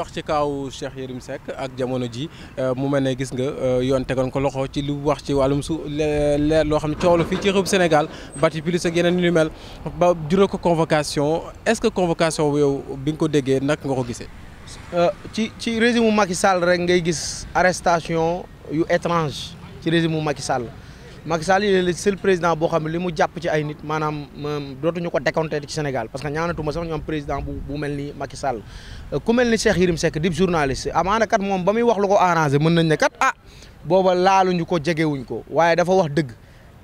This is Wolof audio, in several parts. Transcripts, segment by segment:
wax ci kaaw Cheikh Yérim Seck ak jamono ji euh, mu mel ne gis nga euh, yoon tegoon ko loxo ci lu wax ci wàllum su leer loo xam ne coow la fii ci réew Sénégal bati plus ak yeneen yu mel ba jural ko convocation est-ce que convocation yow bi nga ko déggee nag nga ko gisee. Euh, ci ci régime Macky Sall rek ngay gis arrestation yu étrange ci régime Macky Sall. Macky Sall il président boo xam ne li mu jàpp ci ay nit maanaam dootuñu ko décompté ci Sénégal parce que ñaanatuma sax ñu am président bu bu mel ni makisal Sall euh, ku mel ni Cheikh Yérim sekk dib journaliste amaana kat moom ba muy wax lu ko arrangé mën nañ ne kat ah booba laaluñu ko wuñ ko waaye dafa wax dëgg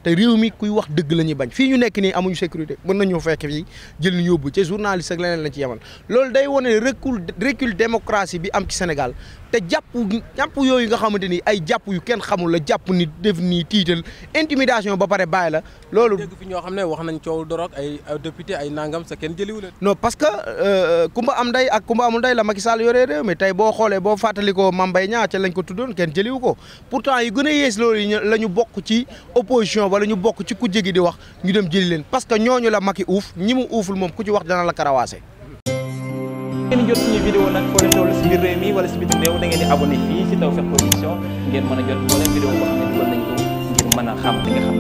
te réew mi kuy wax dëgg la ñuy bañ fii ñu nekk nii amuñu sécurité mën nañu fekk fii jël ñu yóbbu ci journaliste ak leneen lañ ci yemal loolu day wane recul recul bi am ci Sénégal te jàpp jàpp yooyu nga xamante ni ay jàpp yu kenn xamul la jàpp ni def nii tiital intimidation ba pare bàyyi la loolu. dégg fi ñoo xam ne wax nañ coow dorog ay député ay nangam sa kenn jëliwu leen. parce que euh, kumba am nday ak kumba amul la Macky Sall yore réew mi tey boo xoolee boo fàttali ko Mame Mbaye Niang ca lañ ko tuddoon kenn jëliwu ko pourtant yu gën a yees loolu la ñu bokk ci wala ñu bokk ci ku jéggi di wax ñu dem jëli leen parce que ñooñu la Macky uuf ñi mu uuful moom ku ci wax dana la karawaase. da ngeen di abonné fii si a jot moo leen vidéo boo xam ne dugal nañ ko ngir mën a xam